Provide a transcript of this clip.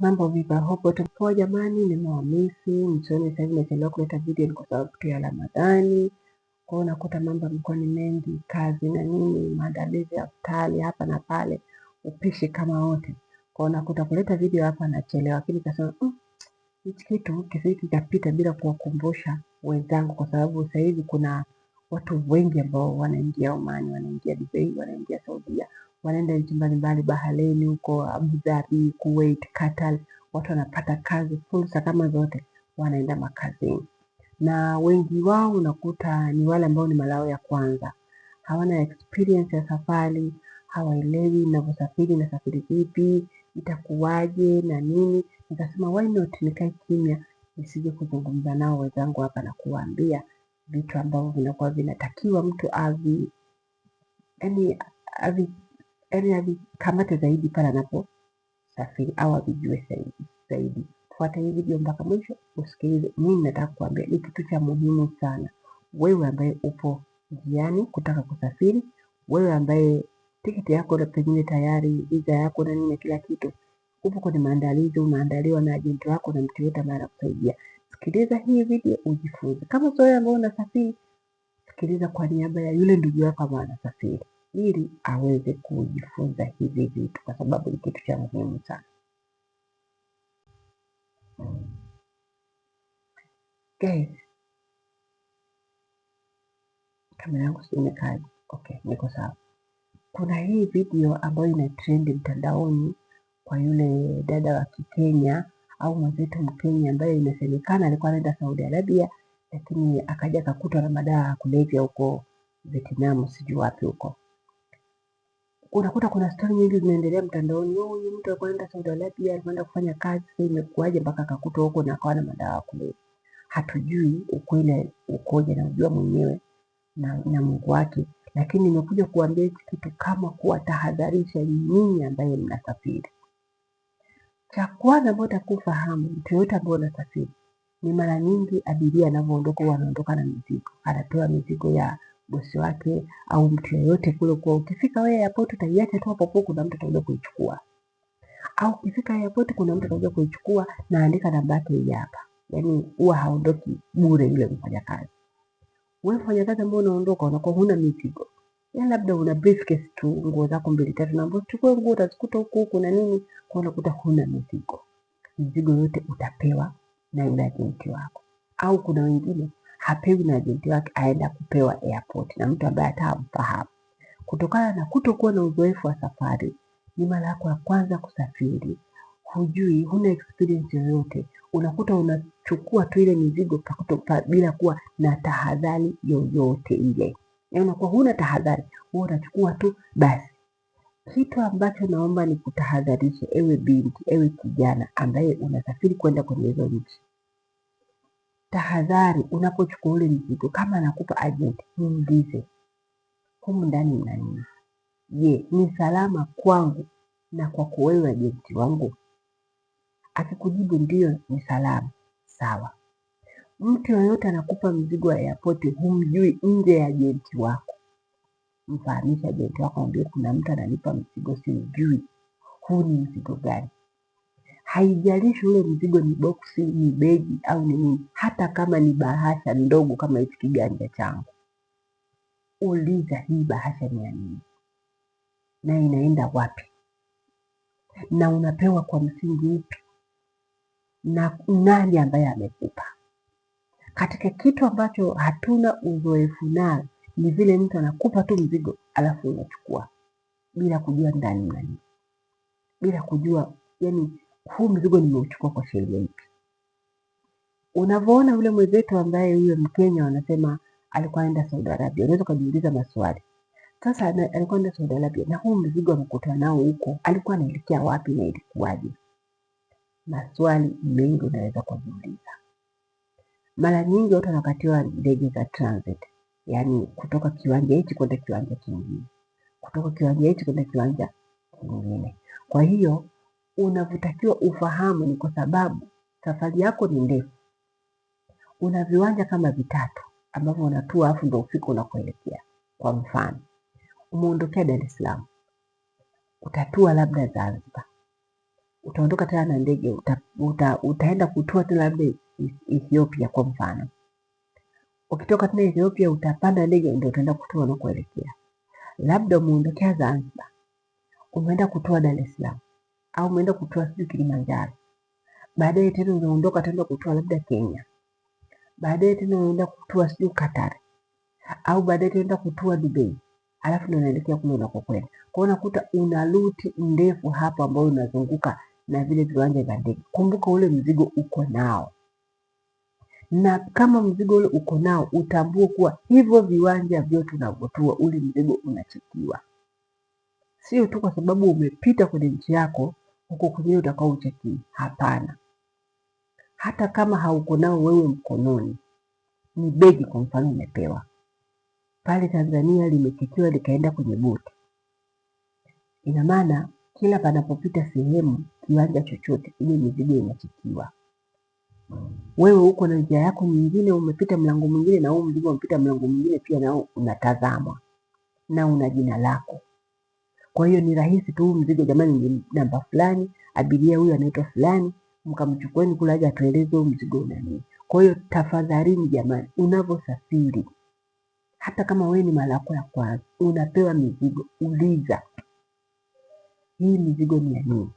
Mambo vipi? Hope wote jamani, nimewamisi msione sasa hivi nachelewa kuleta video ni kwa sababu tu ya Ramadhani. Kwa hiyo nakuta mambo yamekuwa ni mengi, kazi na nini, maandalizi ya futari hapa na pale, upishi kama wote. Kwa hiyo nakuta kuleta video hapa nachelewa, lakini kasema mm, kitu kisii kitapita bila kuwakumbusha wenzangu, kwa sababu sasa hivi kuna watu wengi ambao wanaingia Omani, wanaingia Dubai, wanaingia Saudia wanaenda nchi mbalimbali, Bahareni huko, Abu Dhabi, Kuwait, Qatar, watu wanapata kazi, fursa kama zote, wanaenda makazini, na wengi wao unakuta ni wale ambao ni mara yao ya kwanza, hawana experience ya safari, hawaelewi ninavyosafiri, nasafiri vipi, itakuwaje na nini. Nikasema why not nikae kimya, nisije kuzungumza nao wenzangu hapa na kuwaambia vitu ambavyo vinakuwa vinatakiwa mtu avi, yani avi yani avikamate zaidi pale anaposafiri au avijue zaidi. Fuata hii video mpaka mwisho usikilize. Mimi nataka kuambia ni kitu cha muhimu sana, wewe ambaye upo njiani kutaka kusafiri, wewe ambaye tiketi yako na pengine tayari visa yako na nini kila kitu, upo kwenye maandalizi, unaandaliwa na ajenti wako na mtu yote ambaye anakusaidia. Sikiliza hii video ujifunze. Kama sio wewe ambaye unasafiri, sikiliza kwa niaba ya yule ndugu yako ambaye anasafiri ili aweze kujifunza hivi vitu kwa sababu ni kitu cha muhimu sana. Guys, kamera yangu imekaa. Okay, niko sawa. Kuna hii video ambayo ina trend mtandaoni kwa yule dada wa Kikenya au mwenzetu Mkenya ambaye inasemekana alikuwa anaenda Saudi Arabia, lakini akaja akakutwa na madawa ya kulevya huko Vietnam, sijui wapi huko unakuta kuna stori nyingi zinaendelea mtandaoni. Huyu mtu alikwenda Saudi Arabia, alikwenda kufanya kazi, sasa imekuaje mpaka akakutwa huko na akawa na madawa ya kulevya? Hatujui ukweli ukoje, najua mwenyewe na, na Mungu wake, lakini nimekuja kuambia hiki kitu kama kuwatahadharisha nyinyi ambaye mnasafiri. Cha kwanza ambayo takufahamu mtu yoyote ambaye unasafiri ni mara nyingi abiria anavyoondoka huwa anaondoka na mizigo, anapewa mizigo ya bosi wake au mtu yeyote kule, kwa ukifika wewe airport utaiacha tu hapo hapo, kuna mtu atakuja kuichukua. Au ukifika airport kuna mtu atakuja kuichukua, na andika namba yake hii hapa. Yaani huwa haondoki bure yule mfanyakazi. Wewe mfanyakazi ambao unaondoka unakuwa huna mizigo, Ya yaani labda una briefcase tu, nguo zako mbili tatu, na ambazo chukua nguo utazikuta huko huko na nini, kwa unakuta huna mizigo. Mizigo yote utapewa na yule ajenti wako, au kuna wengine hapewi na ajenti wake, aenda kupewa airport na mtu ambaye hatamfahamu. Kutokana na kutokuwa na uzoefu wa safari, ni mara yako ya kwanza kusafiri, hujui, huna experience yoyote, unakuta unachukua tu ile mizigo bila kuwa na tahadhari yoyote ile, yaani unakuwa huna tahadhari, wewe unachukua tu basi. Kitu ambacho naomba ni kutahadharisha ewe binti, ewe kijana ambaye unasafiri kwenda kwenye hizo nchi, tahadhari unapochukua ule mzigo, kama anakupa ajenti, muulize humu ndani mna nini? Je, ni salama kwangu na kwako wewe ajenti wangu? Akikujibu ndiyo, ni salama, sawa. Mtu yoyote anakupa mzigo wa yapoti, humjui nje ya ajenti wako, mfahamisha ajenti wako, mwambie kuna mtu ananipa mzigo, simjui huu ni mzigo gani? haijalishi ule mzigo ni boksi, ni begi au ni nini, hata kama ni bahasha ndogo kama hichi kiganja changu, uliza hii bahasha ni ya nini na inaenda wapi na unapewa kwa msingi upi na nani ambaye amekupa. Katika kitu ambacho hatuna uzoefu nao, ni vile mtu anakupa tu mzigo alafu unachukua bila kujua ndani nani, bila kujua yani huu mzigo nimeuchukua kwa shilingi. Unavyoona yule mwenzetu ambaye huyo Mkenya wanasema alikuwa anaenda Saudi Arabia, unaweza ukajiuliza maswali sasa. Alikuwa anaenda Saudi Arabia na huu mzigo amekutana nao huko, alikuwa anaelekea wapi na ilikuwaje? Maswali mengi unaweza kujiuliza. Mara nyingi watu wanakatiwa ndege za transit, yaani kutoka kiwanja hichi kwenda kiwanja kingine, kutoka kiwanja hichi kwenda kiwanja kingine. Kwa hiyo unavyotakiwa ufahamu ni kwa sababu safari yako ni ndefu. Una viwanja kama vitatu ambavyo unatua, afu ndio ufika unakoelekea. Kwa mfano, umeondokea Dar es Salaam, utatua labda Zanzibar, utaondoka tena na ndege uta, uta, utaenda kutua tena labda e-, Ethiopia kwa mfano. Ukitoka tena Ethiopia utapanda ndege ndio utaenda kutua unakoelekea. Labda umeondokea Zanzibar, umeenda kutua Dar es Salaam au umeenda kutoa sijui Kilimanjaro, baadaye tena unaondoka tena kutoa labda Kenya, baadaye tena unaenda kutua sijui Qatar, au baadaye tena kutua Dubai, alafu ndio unaelekea kule unakokwenda. Kwa hiyo unakuta una ruti ndefu hapo ambayo unazunguka na vile viwanja vya ndege. Kumbuka ule mzigo uko nao, na kama mzigo ule uko nao, utambue kuwa hivyo viwanja vyote unavyotua ule mzigo unachukiwa sio tu kwa sababu umepita kwenye nchi yako huko kwenyewe utakao uchakii. Hapana, hata kama hauko nao wewe mkononi, ni begi kwa mfano umepewa pale Tanzania limekitiwa likaenda kwenye boti. Ina maana kila panapopita sehemu, kiwanja chochote, ile mizigo inachikiwa. Wewe uko na njia yako nyingine, umepita mlango mwingine, na huu mzigo umepita mlango mwingine, pia nao unatazamwa na una jina lako. Kwa hiyo ni rahisi tu mzigo, jamani, ni namba fulani, abiria huyu anaitwa fulani, mkamchukueni kule aje atueleze mzigo una nini. Kwa hiyo tafadhalini, jamani, unavyosafiri hata kama wewe ni mara yako ya kwanza unapewa mizigo, uliza hii mizigo ni ya nini?